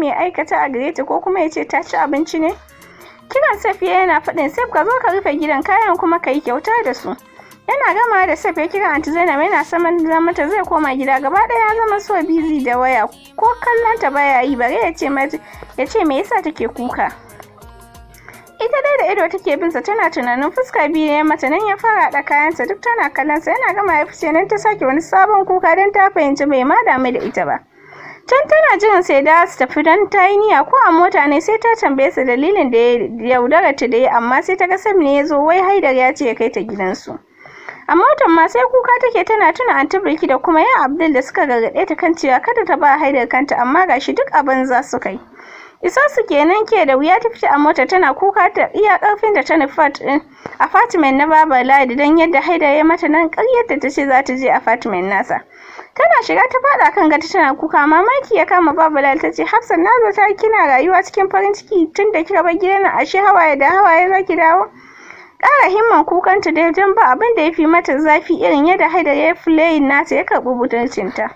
mai aikata a gare ta ko kuma ya ce ta ci abinci ne kiran safiya yana faɗin sef ka zo ka rufe gidan kayan kuma ka yi kyauta da su yana gama da sef ya kira anti zainab yana saman mata zai koma gida gaba ɗaya ya zama so bizi da waya ko kallon ta baya yi bare ya ce ya ce me yasa take kuka ita dai da ido take bin sa tana tunanin fuska biyu ne mata nan ya fara da sa duk tana kallon sa yana gama ya fice nan ta sake wani sabon kuka don ta fahimci bai ma damu da ita ba can tana jiran sai da su tafi don ta yi niyya ko a mota ne sai ta tambaye su dalilin da ya yaudara ta da ya amma sai ta ga sam ne ya zo wai haidar ya ce ya kai ta gidansu a motar ma sai kuka take tana tuna anti tabbaki da kuma yan abdul da suka gargaɗe ta kan cewa kada ta ba haidar kanta amma gashi duk abin za su kai isa su kenan ke da wuya ta fita a mota tana kuka ta iya karfin da ta nufa fatima'i na babar ladi don yadda haidar ya mata nan ƙaryar da ta ce za ta je a fatima'i nasa tana shiga ta fada kan gata tana kuka mamaki ya kama babu lal ta ce hafsan na zata kina rayuwa cikin farin ciki tunda da bar gidan ashe hawaye da hawaye za ki dawo ƙara himman kukanta dai, don ba abin da ya fi mata zafi irin yadda haidar ya layin nata ya karɓi ta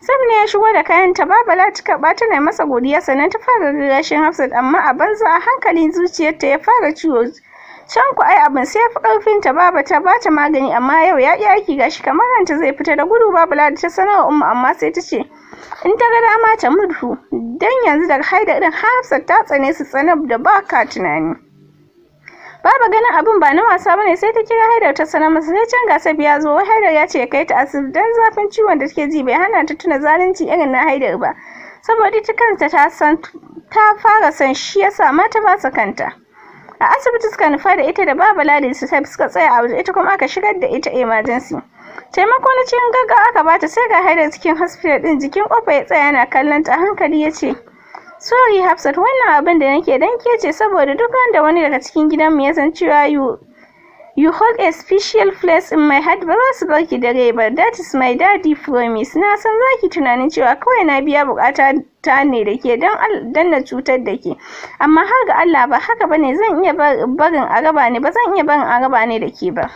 sam ne ya shigo da kayan ta babala ta karɓa tana masa godiya sannan ta fara rashin hafsat amma a banza a hankali zuciyarta ya fara ciwo can ku ai abin sai fi karfin ta baba ta bata magani amma yau ya ki aiki gashi kamar hanta zai fita da gudu babu ladi ta sanarwa umma amma sai ta ce in ta ga dama ta mutu dan yanzu daga haida din hafsat ta tsane su tsanab da ba ka tunani baba ganin abin ba na wasa bane sai ta kira haidar ta sanar masa sai can gasa biya zo wai haidar ya ce ya kai ta asibiti dan zafin ciwon da take ji bai hana ta tuna zalunci irin na haidar ba saboda ita kanta ta san ta fara san shi yasa ma ta ba kanta a asibiti suka nufa da ita da baba ladi su suka tsaya a waje ita kuma aka shigar da ita emergency taimako na cikin gaggawa aka bata sai ga haida cikin hospital din jikin kofa ya tsaya yana kallon ta hankali ya ce sorry hafsat wannan abin da nake dan ke ce saboda duk wanda wani daga cikin gidanmu ya san cewa You hold a special place in my heart ba za su bar ki da rai ba. That is my daddy promise. Na san za ki tunanin cewa kawai na biya bukata ta ne da ke don na cutar da ke. Amma har ga Allah ba haka ba ne zan iya barin araba ne ba zan iya barin araba ne da ke ba.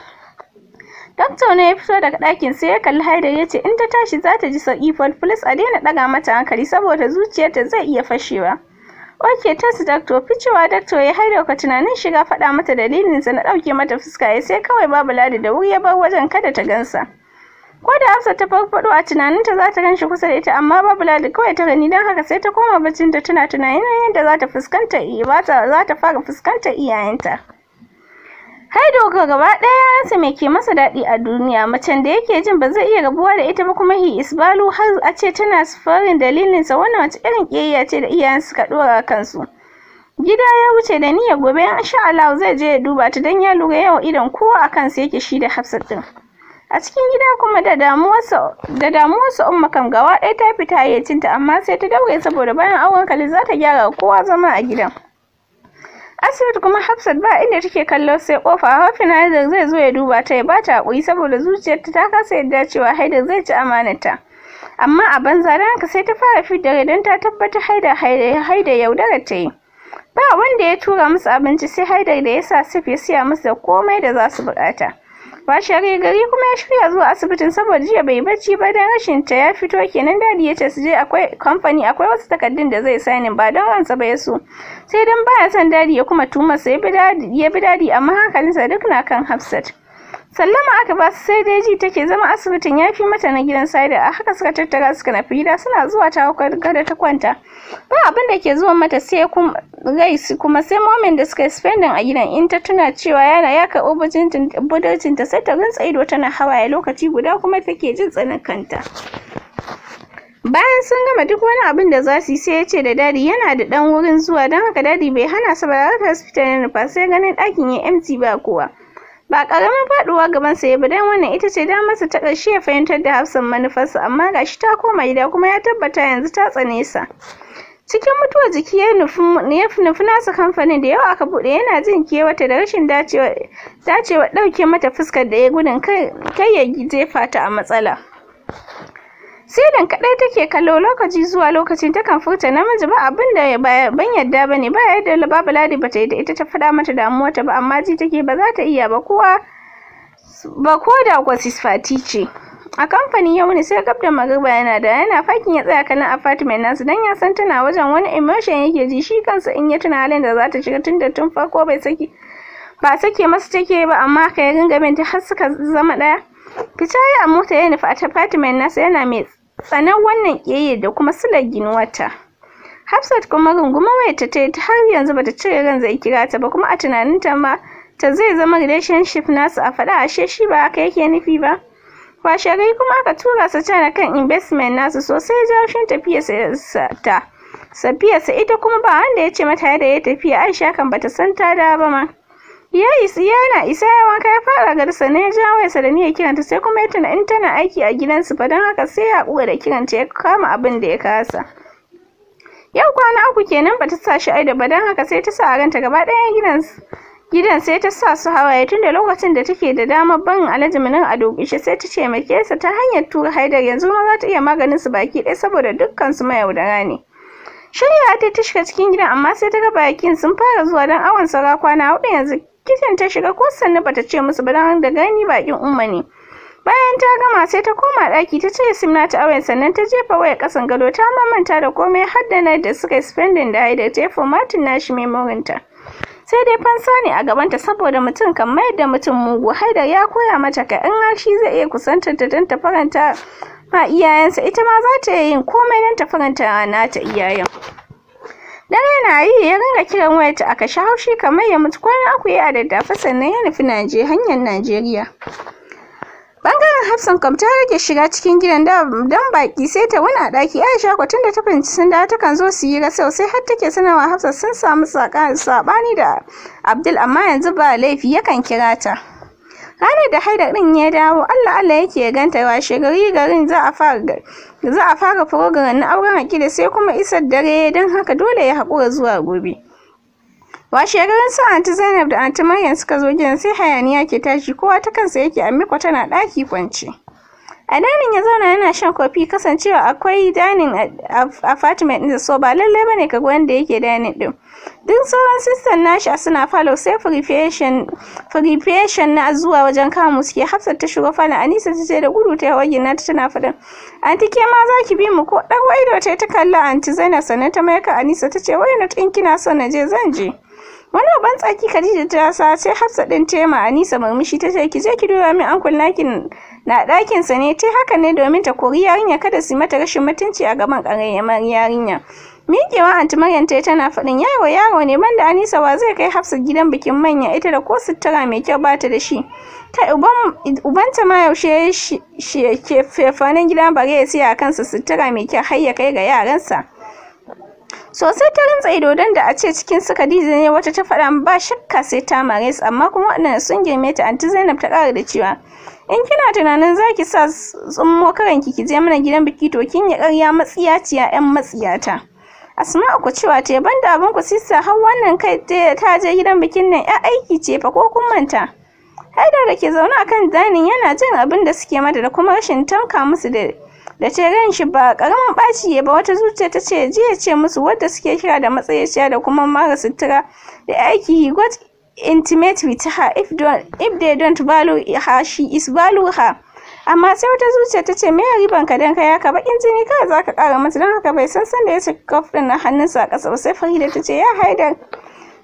Dokta ne ya fito daga ɗakin sai ya kalli Haidar ya ce in ta tashi za ta ji sauƙi Paul Police a daina ɗaga mata hankali saboda zuciyarta zai iya fashewa. oke tasu dakto ficewa dakto ya haida ka tunanin shiga faɗa mata dalilinsa na ɗauke mata fuska ya sai kawai babu ladi da wuri ya bar wajen kada ta gansa ko da hafsa ta farfaɗo a tunaninta za ta ganshi kusa da ita amma babu ladi kawai ta gani don haka sai ta koma bacin ta tana tunanin yadda za ta fuskanta za ta fara fuskantar iyayenta kai doka gaba ɗaya ya rasa mai ke masa daɗi a duniya macen da yake jin ba zai iya rabuwa da ita ba kuma hi isbalu har a ce tana sufarin dalilinsa wannan wace irin ƙiyayya ce da iyayen suka ɗora kansu gida ya wuce da niyyar gobe in sha Allah zai je ya duba ta don ya lura yau idan kowa a kansa yake shi da hafsa din a cikin gida kuma da damuwarsa da damuwarsa umma kan gawa ɗaya ta fita hayyacinta amma sai ta daure saboda bayan auren kali za ta gyara kowa zama a gidan asibiti kuma hafsat ba inda take kallo sai kofa hafin haidar zai zo ya duba ta ya ba ta hakuri saboda zuciyarta ta kasa yadda cewa haidar zai ci amanarta amma a banza da haka sai ta fara fidda don ta tabbatar haida ya yaudara ta yi ba wanda ya tura musu abinci sai haidar da ya sa sif ya siya musu da komai da za su bukata washegari gari kuma ya shirya zuwa asibitin saboda jiya bai bacci ba don rashin ta ya fito kenan dadi ya ce su je akwai kamfani akwai wasu takardun da zai sani ba don ransa ba ya so sai don baya son dadi ya kuma tuma sai ya bi dadi amma hankalinsa duk na kan hafsat sallama aka ba su sai dai ji take zama asibitin ya fi mata na gidan saida a haka suka tattara suka nafi gida suna zuwa ta gada ta kwanta ba abin da ke zuwa mata sai kuma sai momin da suka spendin a gidan in ta tuna cewa yana ya karɓi budurcinta sai ta rinsa ido tana hawaye lokaci guda kuma take jin tsanin kanta bayan sun gama duk wani abin da za su yi sai ya ce da dadi yana da dan wurin zuwa don haka dadi bai hana su ba hospital na nufa sai ganin ɗakin ya mt ba kowa ba ƙaramin faɗuwa gabansa ya ba dan wannan ita ce damarsa ta ƙarshe ya fahimtar da hafsan manufarsa amma gashi ta koma gida kuma ya tabbata yanzu ta tsane sa cikin mutuwar jiki ya nufi nasa kamfanin da yawa aka buɗe yana jin kewata da rashin dacewa ɗauke mata fuskar da ya gudun kai ya jefa ta a matsala silin kadai take kallo lokaci zuwa lokacin takan furta namiji ba abin da ban yadda ba ne ba yadda babu ladi ba ta yi da ita ta faɗa mata damuwa ta ba amma ji take ba za ta iya ba kowa ko da kuwa fati ce a kamfanin yau wuni sai gabda da yana da yana fakin ya tsaya kalan apartment nasu dan ya san tana wajen wani emotion yake ji shi kansa in ya tuna halin da za ta shiga tun da tun farko bai saki ba sake masa take ba amma ka yi ringa ta har suka zama ɗaya Fitari a mota ya nufi tafatimen nasa yana mai tsanar wannan ƙiyayyar da kuma silar ginuwata Hafsat kuma runguma wayarta ta ta har yanzu bata cire ran zai kira ta ba kuma a tunanin ma ta zai zama relationship nasu a faɗa ashe shi ba haka yake nufi ba. Wa gari kuma aka tura su cana kan investment nasu sosai jaushin tafiya ta. sa ita kuma ba wanda ya ce mata yadda ya tafiya Aisha kan bata san ta da ba ma. Yana isa ya wanka ya fara garsa ne ya ja wayarsa da niyyar kiranta sai kuma ya tuna in tana aiki a gidansu fa don haka sai ya haƙura da kiranta ya kama abin da ya kasa. Yau kwana uku kenan bata sa shi aida ba don haka sai ta sa a ranta gaba ɗaya gidan gidan sai ta sa su hawaye tunda lokacin da take da damar ban alhaji minin a dubishe sai ta taimake sa ta hanyar tura haidar yanzu ma za ta iya maganin su baki ɗaya saboda dukkan su mayaudara ne. Shirya ta ta shiga cikin gidan amma sai ta ga bakin sun fara zuwa don awon saura kwana hudu yanzu kitchen ta shiga ko sannu bata ce musu ba dan da gani bakin umma ne bayan ta gama sai ta koma ɗaki ta ce sim nata awen sannan ta jefa waya kasan gado ta mamanta da komai har da na da suka spending da da ta fi formatin nashi memorin ta sai dai fansa ne a gabanta saboda mutum kan mayar da mutum mugu har da ya koya mata ka in shi zai iya kusantar ta dan ta faranta ma iyayensa ita ma za ta iya yin komai dan ta faranta ta iyayen Dare na yi ya ringa kiran wayarta aka sha haushi kamar ya mutu kwana uku ya daddafa sannan ya nufi Naje hanyar Najeriya. Bangaren Hafsan kam ta rage shiga cikin gidan don baki sai ta wani a daki Aisha ko tunda ta fahimci sun da ta kan zo su yi rasau sai har take wa Hafsa sun samu sabani da Abdul amma yanzu ba laifi yakan kira ta. ranar da haidar din ya dawo allah allah yake ganta washe gari garin za a fara za a fara program na auren akida sai kuma isar dare don haka dole ya haƙura zuwa gobe washegarin su anti zainab da anti maryam suka zo gidan sai hayaniya ke tashi kowa ta kansa yake amiko tana ɗaki kwance a danin ya zauna yana shan kofi kasancewa akwai danin apartment ɗinsa so ba lalle bane kaga wanda yake danin ɗin duk sauran sistan nashi suna falo sai preparation na zuwa wajen kamu suke hafsat ta shiga falon anisa ta ce da gudu ta yawa na ta tana faɗin anti ke ma za ki bi mu ko ɗan waido ta ta kalla anti zainab sannan ta mayaka ka anisa ta ce wai na in kina son na je zan je wani babban tsaki Khadija ta sa sai Hafsa din ta ma Anisa murmushi ta ce ki je ki duba min ankul nakin na ɗakin sa ne tai haka ne domin ta kori yarinya kada su mata rashin mutunci a gaban ƙarayyamar yarinya miƙewa anti Maryam ta tana faɗin yaro yaro ne banda Anisa wa zai kai Hafsa gidan bikin manya ita da ko sutura mai kyau ba ta da shi uban ubanta ma yaushe shi ke fefanin gidan bare ya siya kansa sutura mai kyau har ya kai ga yaransa sosai ta rantsa ido don da a ce cikin su Khadija ne wata ta faɗa ba shakka sai ta mare su amma kuma waɗanda sun girme ta anti Zainab ta ƙara da cewa in kina tunanin za ki sa tsummo karan ki je mana gidan biki to kin ya ƙarya matsiyaciya 'yan matsiyata Asma'u ku cewa te da abin ku sisa har wannan kai ta je gidan bikin nan ya aiki ce fa ko kun manta Haidar da ke zaune akan danin yana jin abin da suke mata da kuma rashin tamka musu da da ce ran shi ba karamin ɓaci ba wata zuciya ta ce jiya ce musu wadda suke kira da matsayaciya da kuma mara sutura da aiki got intimate with her if, if they don't value her she is value her amma sai wata zuciya ta ce me riban ka dan ka ka bakin jini kawai zaka kara masa don haka bai san sanda ya ci din na hannunsa a ƙasa sai Farida ta ce ya haidar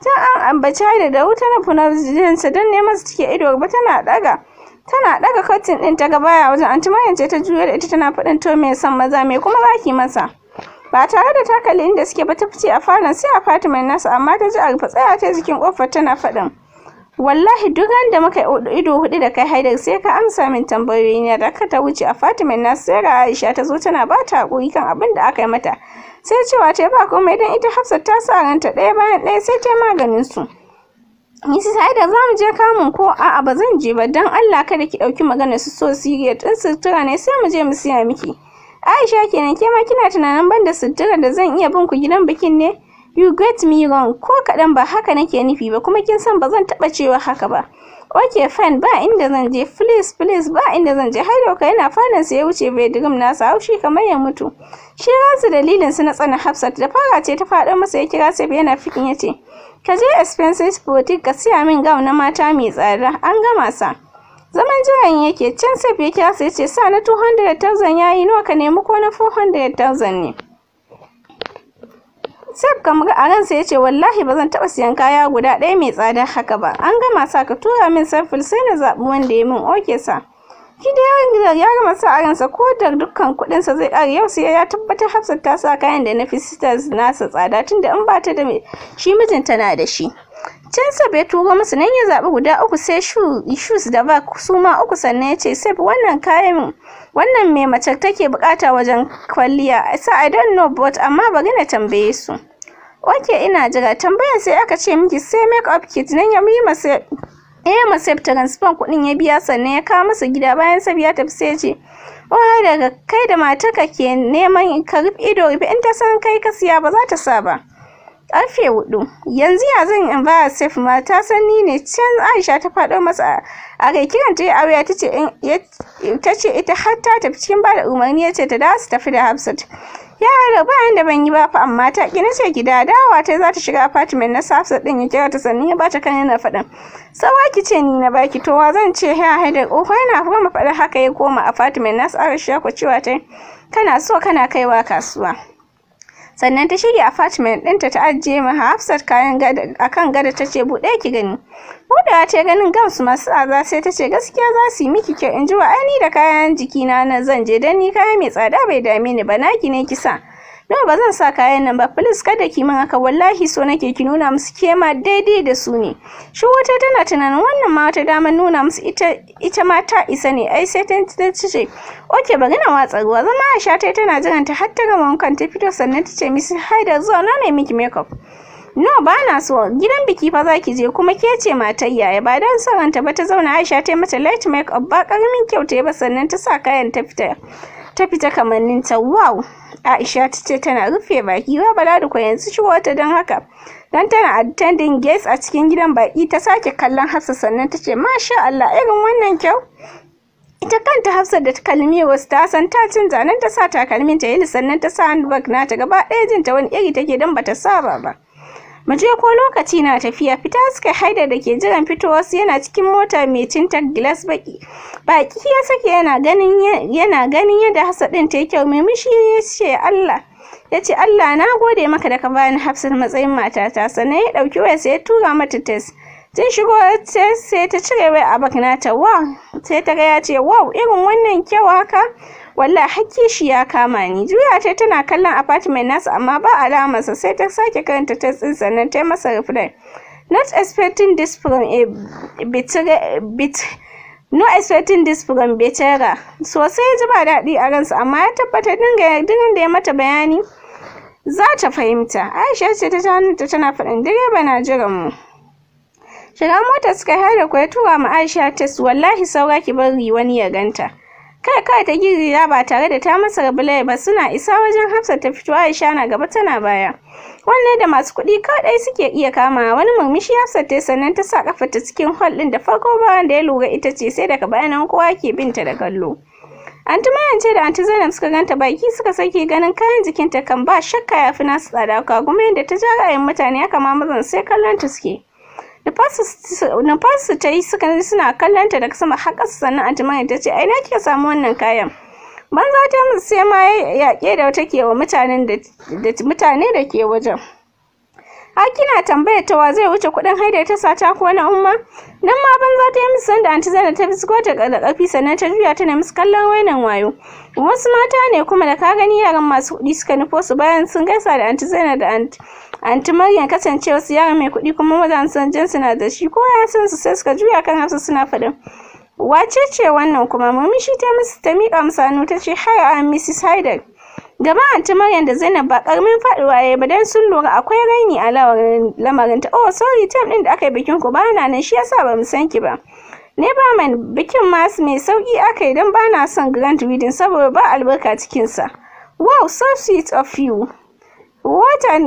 ta an ambaci haida da wuta na funar jinsa don neman su cike ido ba tana daga tana daga kotun din ta gaba ya wajen anti maryam ce ta juya da ita tana faɗin to me san maza me kuma zaki masa ba tare da takalin da inda suke ba ta fice a falon sai a apartment nasu amma ta ji a rufe tsaya ta jikin kofar tana faɗin wallahi duk da muka ido hudu da kai haidar sai ka amsa min tambayoyi ne da ka ta wuce a fatimin nasu sai ga aisha ta zo tana ba ta hakuri kan abin da aka yi mata sai cewa ta ba komai dan ita hafsat ta sa ranta ɗaya bayan ɗaya sai ta maganin su Mrs. Haidar za mu je kamun ko a'a ba zan je ba don Allah kada ki ɗauki magana su so siriyar ɗin sutura ne sai mu je mu siya miki. Aisha kenan ke ma kina tunanin ban da sutura da zan iya bin ku gidan bikin ne? You get me wrong ko kaɗan ba haka nake nufi ba kuma kin san ba zan taɓa cewa haka ba. Okay fine ba inda zan je please please ba inda zan je ka yana fadan sa ya wuce bedroom nasa haushi kamar ya mutu. Shi rasu dalilin su na tsana Hafsat da fara ce ta faɗo masa ya kira sai yana fikin ya ce. ka je expenses boutique ka siya min gam na mata mai tsada an gama sa zaman jiran yake can sef ya kira sai ce sa na 200,000 yayi nawa ka nemi ko na 400,000 ne sef kamar a ransa ya ce wallahi ba zan taɓa siyan kaya guda ɗaya mai tsada haka ba an gama sa ka tura min samfil sai na zaɓi wanda ya min okesa. shi da ya gama sa a ko da dukkan kuɗinsa zai kare yau sai ya tabbatar hafsat ta sa kayan da na fi sisters nasa tsada tunda in ba ta da shi mijinta na da shi can bai turo musu nan ya zaɓi guda uku sai shoes da bag su ma uku sannan ya ce sai wannan kayan wannan mai mace take bukata wajen kwalliya sa i don't know but amma bari na tambaye su ok ina jira tambayar sai aka ce miki sai make up kit nan ya yi masa Eh, ma sef transfer kuɗin ya biya sannan ya kawo masa gida bayan sef ya tafi ce oh daga kai da matarka ke neman ka rufe ido rufe in ta san kai ka siya ba za ta sa ba karfe hudu yanzu ya zan in ba sef ma ta san ne can aisha ta fado masa a kai kiran ta aure ta ce ita har ta tafi cikin ba da umarni ya ce ta dawo su tafi da hafsat yara bayan da ban yi ba fa amma ta ki nace gida dawa ta za ta shiga apartment na safsa din ya kira ta sanni ya bata kan yana faɗin sawa ki ce ni na baki to wa zan ce ya haida ƙofa yana kuma faɗa haka ya koma apartment na sa aisha cewa ta kana so kana kaiwa kasuwa sannan ta shirya apartment ɗinta ta ajiye ma hafsat kayan gada akan gada ta ce buɗe ki gani buɗewa ta ganin gams masu tsada sai ta ce gaskiya za su yi miki kyau in ji wa da kayan jikina na zan je dan ni kaya mai tsada bai dame ni ba naki ne kisa no ba zan sa kayan nan ba please kada ki min haka wallahi so nake ki nuna musu kema daidai da su ne shi wata tana tunanin wannan ma wata damar nuna musu ita ita ma ta isa ne ai sai ta ce okay bari na watsa ruwa zama Aisha ta tana jiran ta har ta gama wankan ta fito sannan ta ce Miss Haida zuwa na ne miki makeup no ba na so gidan biki fa za ki je kuma ke ce matar yaya ba dan son ba ta zauna Aisha ta mata light makeup ba karamin kyauta ba sannan ta sa kayan ta fita ta fita kamannin ta wow Aisha ta ce tana rufe baki ba Bala da yanzu shigo wata don haka. Dan tana attending guests a cikin gidan baki ta sake kallon Hafsa sannan ta ce masha Allah irin wannan kyau. Ita kanta Hafsa da ta kalmi wasu ta san ta cin zanen ta sa takalmin ta yi sannan ta sa handbag nata gaba ɗaya jin ta wani iri take don bata saba ba. muje ko lokaci na tafiya fita suka haida da ke jiran fito wasu yana cikin mota mai cintar gilas baki baki ya sake yana ganin yana ganin yadda din ta yi kyau mishi ya ce Allah ya ce Allah na gode maka da ka bani hafsar matsayin ta sannan ya dauki waya sai ya tura mata test tun shigo sai ta cire wai a ta wa sai ta ga ya ce wow irin wannan kyau haka wallah hakki shi ya kama ni juya ta tana kallon apartment nasa amma ba alamarsa sai ta sake karanta ta sannan ta masa reply not expecting this from a bit no expecting this from betera sosai ya ji ba daɗi a ransa amma ya tabbatar dinga dinga da ya mata bayani za ta fahimta aisha ce ta ta tana faɗin direba na jiran mu shiga mota suka haɗa kuwa tura ma aisha test wallahi saura ki bari wani ya ganta kai kai ta girgira ba tare da ta masa rabulai ba suna isa wajen hafsa ta fito aisha na gaba tana baya wannan da masu kuɗi kaɗai suke iya kama wani murmushi hafsa ta sannan ta sa kafa ta cikin hall ɗin da farko bayan da ya lura ita ce sai daga bayanan kowa ke binta da kallo anti mayance da anti zainab suka ganta baki suka sake ganin kayan jikinta kan ba shakka ya fi nasu tsada kuma yadda ta ja ra'ayin mutane haka ma mazan sai kallon ta suke na su ta yi suka suna kallon ta daga sama har su sannan antimani ta ce ai na kika samu wannan kayan banza ta musu sai ma ya yaƙe da wata ke da mutane da ke wajen hakina tambayar ta wa zai wuce kuɗin haida ta sata ko na umma nan ma banza ta yi musu sanda anti zana ta bisko ta da ƙarfi sannan ta juya tana musu kallon wainan wayo wasu mata ne kuma da ka gani yaran masu kuɗi suka nufo su bayan sun gaisa da ci zana da anti anti maryam kasance wasu yaron mai kuɗi kuma mazan san jin suna da shi ko ya san su sai suka juya kan hafsa suna faɗin wace ce wannan kuma shi ta musu ta miƙa musu hannu ta ce hi a mrs haidar gaba anti maryam da zainab ba ƙaramin faɗuwa ya yi ba dan sun lura akwai raini a lamarinta oh sorry tam ɗin da aka yi bikin ku ba na nan shi yasa ba mu san ki ba "Ne ba Neverman bikin masu mai sauƙi aka yi don ba na son Grand Reading saboda ba albarka cikinsa. Wow, so sweet of you! wucewa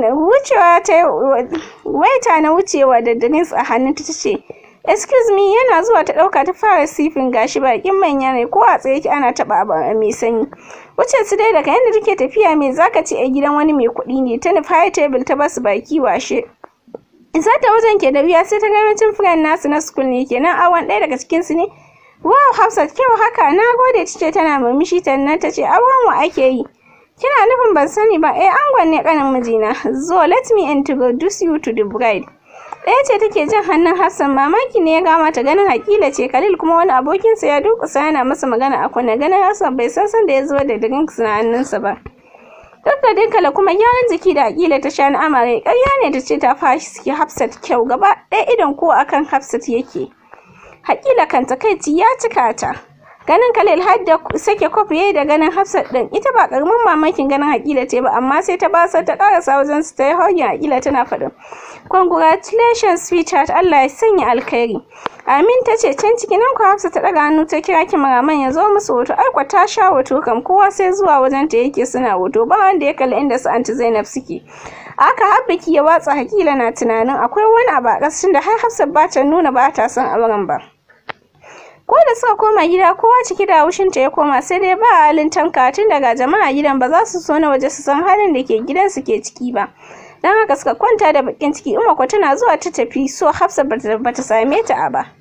na wucewa da denise a hannunta ta ce excuse me yana zuwa ta ɗauka ta fara sifin gashi bakin manya ne ko a tsaye ki ana taba abu mai sanyi wuce su dai daga yadda take tafiya me zaka ci a gidan wani mai kuɗi ne ta nufa table ta basu baki washe isa ta wajen ke da wuya sai ta gabacin friend nasu na school ne kenan awon ɗaya daga cikin su ne wow hafsat kyau haka na gode ta tana murmushi tannan ta ce awon wa ake yi kina nufin ban sani ba eh angon ne kanin mijina zo let me introduce you to the bride ɗaya ce take jin hannun hassan mamaki ne ya gama ta ganin hakila ce khalil kuma wani abokinsa ya durkusa yana masa magana a kunne ganin hassan bai san san da ya zo da drinks na hannunsa ba duk da dinkala kuma gyaran jiki da hakila ta sha na amare ƙarya ne ta ce ta fashi hafsat kyau gaba ɗaya idan ko akan hafsat yake hakila kan takaici ya cika ta ganin khalil had da sake kwaf yayi da ganin hafsat din ita ba karamin mamakin ganin hakila ce ba amma sai ta basa ta karasa wajen su ta yi hanyar hakila tana faɗin congratulations sweetheart allah ya sanya alkhairi amin ta ce can ciki nan ku hafsa ta ɗaga hannu ta kira kimaraman ya zo musu hoto aikwa ta sha hoto kam kowa sai zuwa wajen ta yake suna hoto ba wanda ya kalli inda su anti zainab suke aka habbaki ya watsa hakila na tunanin akwai wani abu a da har Hafsat ba ta nuna ba ta son auren ba ko da suka koma gida kowa ciki da haushinta ya koma sai dai ba halin tanka tun daga jama'a gidan ba za su so na waje su san halin da ke gidan su ke ciki ba dan haka suka kwanta da bakin ciki umma tana zuwa ta tafi so hafsa bata same ta a ba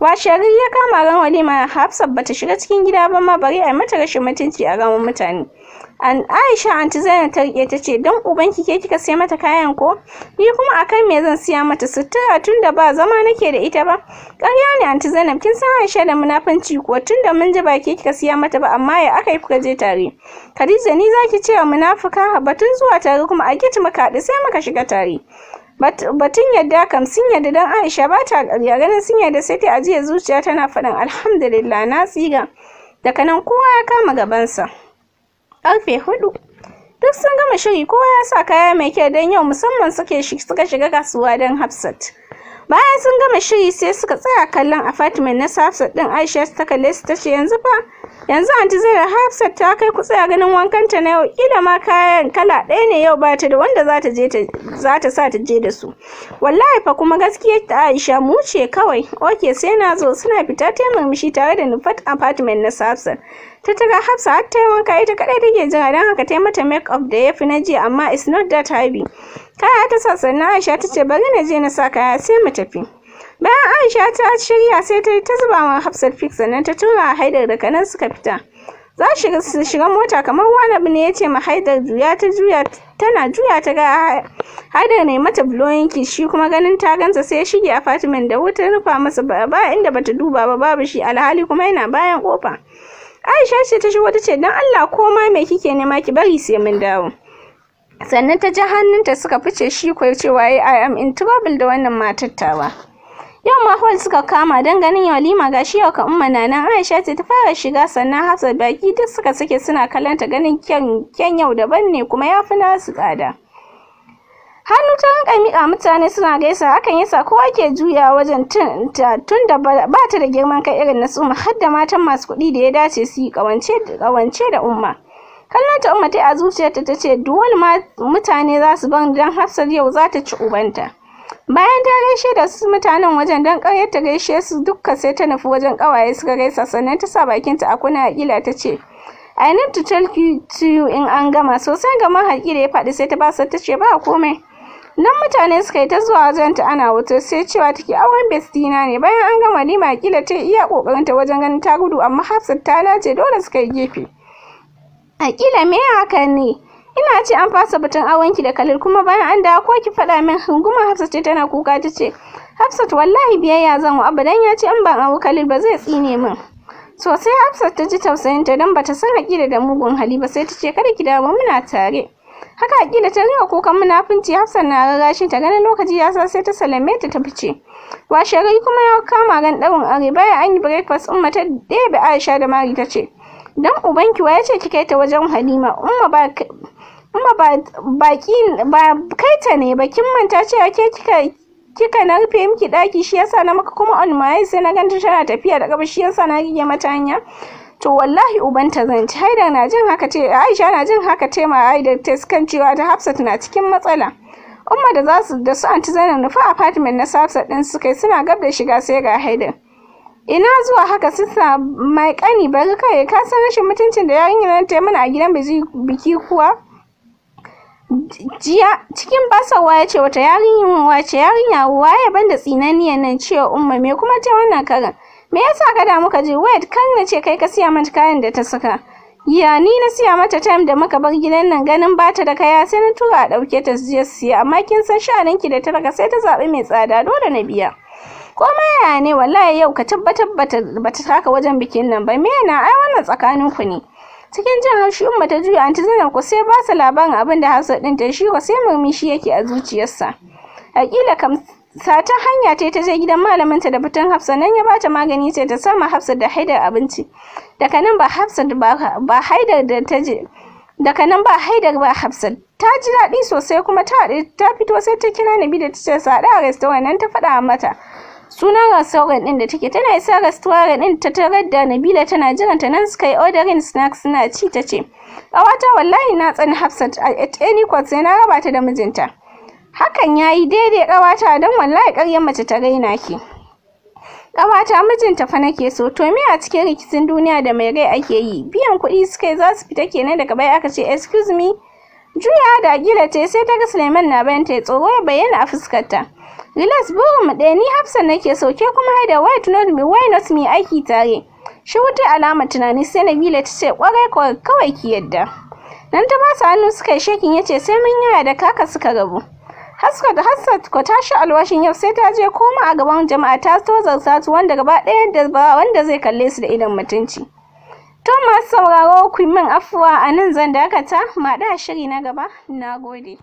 washegari ya kama ran walima hafsat bata shiga cikin gida ba ma bari a mata rashin mutunci a ramin mutane an aisha anti zainab ta rike ta ce don ubanki ke kika sai mata kayan ko ni kuma akan me zan siya mata sutura tunda ba zama nake da ita ba ƙarya ne anti zainab kin san aisha da munafanci kuwa tunda da mun ji ba ke kika siya mata ba amma ya aka yi kuka je tare khadija ni zaki ce wa munafuka batun zuwa tare kuma a git muka haɗu sai muka shiga tare batun yadda kam sun yadda dan aisha ba ta ƙarya ganin sun yadda sai ta ajiye zuciya tana faɗin alhamdulillah na tsiga daga nan kowa ya kama gabansa ƙarfe hudu duk sun gama shiri kowa ya sa kaya mai kyau don yau musamman suka shiga kasuwa don hafsat bayan sun gama shiri sai suka tsaya kallon apartment na Hafsat din Aisha ta kalle su tace yanzu fa yanzu anti zai Hafsat ta kai ku tsaya ganin wankanta na yau kila ma kayan kala ɗaya ne yau ba ta da wanda za ta sa ta je da su wallahi fa kuma gaskiya ta Aisha mu ce kawai oke sai na zo suna fita ta murmushi tare da Nufat apartment na Hafsat ta tara Hafsa har ta yi wanka ita kadai take jira don haka ta yi mata make up da fi na jiya amma is not that heavy kaya ta sa sannan aisha ta ce bari na je na sa kaya sai mu tafi bayan aisha ta shirya sai ta ta zuba wa hafsat fik sannan ta tura a haidar da kanan suka fita za su shiga mota kamar wani abu ne ya ce ma haidar juya ta juya tana juya ta ga haidar ne mata buloyinki shi kuma ganin ta gansa sai ya shige apartment da wuta rufa masa ba inda bata duba ba babu shi alhali kuma yana bayan kofa aisha ce ta shigo ta ce don allah koma mai kike nema ki bari sai mun dawo sannan ta ji hannunta suka fice shi kwai cewa ya i am in trouble da wannan matattawa. yau ma hol suka kama don ganin walima ga shi yau ka umma na nan aisha ce ta fara shiga sannan hafsa baki duk suka sake suna kalanta ganin kyan yau daban ne kuma ya fi nasu tsada hannu ta rinka miƙa mutane suna gaisa hakan yasa kowa ke juya wajen tun da ba ta da girman kai irin na su har da matan masu kuɗi da ya dace su yi ƙawance da umma kallon ta umma ta a zuciyarta ta ce duwal ma mutane za su ban don hafsat yau za ta ci ubanta bayan ta gaishe da su mutanen wajen don karyar ta gaishe su dukka sai ta nufi wajen ƙawaye suka gaisa sannan ta sa bakinta a kuna hakila ta ce i need to tell in an gama sosai gama haƙila ya faɗi sai ta ba ta ce ba komai nan mutane suka yi ta zuwa wajen ta ana wuta sai cewa take auren bestina ne bayan an gama nima kila ta iya ta wajen ganin ta gudu amma hafsat ta lace dole suka yi gefe a kila me haka ne? Ina ce an fasa batun awanki da Khalil kuma bayan an dawo ko ki faɗa min hunguma hafsa ce tana kuka ta ce Hafsat wallahi biyayya zan wa abadan ya ce in ban awo kalil ba zai tsine min. Sosai Hafsat ta ji tausayin ta dan bata san Akila da mugun hali ba sai ta ce kada ki dawo muna tare. Haka Akila ta rika kukan munafunci Hafsat na rarrashin ta ganin lokaci ya sa sai ta salame ta ta fice. Washe gari kuma ya kama ran ɗaurin aure bayan an yi breakfast Umma ta ɗebe Aisha da Mari ta ce dan ubanki wa ce ki kai ta wajen halima umma ba umma ba baki ba kai ta ne ba kin manta ce ake kika kika na rufe miki daki shi yasa na maka kuma on my sai na ganta tana tafiya da gaba shi yasa na rige mata hanya to wallahi ubanta zan ci haida na jin haka ce aisha na jin haka ce ma aida ta kan cewa ta hafsat na cikin matsala umma da za su da su anti zanen nufa apartment na safsat din suka suna gab da shiga sai ga haidar ina zuwa haka sista mai kani bari kai ka san rashin mutuncin da yarinyar nan ta mana a gidan biki kuwa jiya cikin basa ya ce wata yarinya wace yarinya waye banda tsinaniyar nan cewa umma me kuma ta wannan karan me yasa ka damu ka je wait kan na ce kai ka siya mata kayan da ta saka ya ni na siya mata time da muka bar gidan nan ganin bata da kaya sai na tura a dauke ta su siya amma kin san sha'aninki da ta daga sai ta zaɓi mai tsada dole na biya ko yaya ne wallahi yau ka tabbatar bata taka wajen bikin nan ba me na ai wannan tsakanin ku ne cikin jin haushi umma ta juya anti zina ku sai ba su labarin abin da hafsat din ta shi ko sai murmushi yake a zuciyarsa hakila kam ta hanya ta ta je gidan ta da fitan hafsa nan ya bata magani sai ta sama hafsa da haidar abinci daga nan ba hafsa ba haidar da ta je daga nan ba haidar ba hafsa ta ji daɗi sosai kuma ta ta fito sai ta kira nabi da ta ce sa a restaurant nan ta faɗa mata sunan restaurant din da take tana isa restaurant din ta tarar da Nabila tana jiran ta nan suka yi ordering snacks suna ci ta ce ƙawata wallahi na tsani Hafsat a any cost sai na raba ta da mijinta hakan yayi daidai ƙawata don wallahi ƙaryar mace ta raina ki ƙawata mijinta fa nake so to me a cikin rikicin duniya da mai rai ake yi biyan kuɗi suka za su fita kenan daga bai aka ce excuse me juya da gila ce sai ta ga Suleiman na bayan ta tsoro ya bayyana a fuskarta Lilas burin mu ɗaya ni Hafsa nake sauke kuma haida why not me why not me aiki tare. Shi wuta alama tunani sai na Nabila ta ce kwarai kawai ki yadda. Nan ta ba su hannu suka yi shekin ya ce sai mun yaya da kaka suka rabu. Haska da Hassat ko ta shi alwashin yau sai ta je koma a gaban jama'a ta zarsa su wanda gaba ɗaya da ba wanda zai kalle su da idan mutunci. To masu sauraro ku min afuwa a nan zan dakata, ma da shiri na gaba, na gode.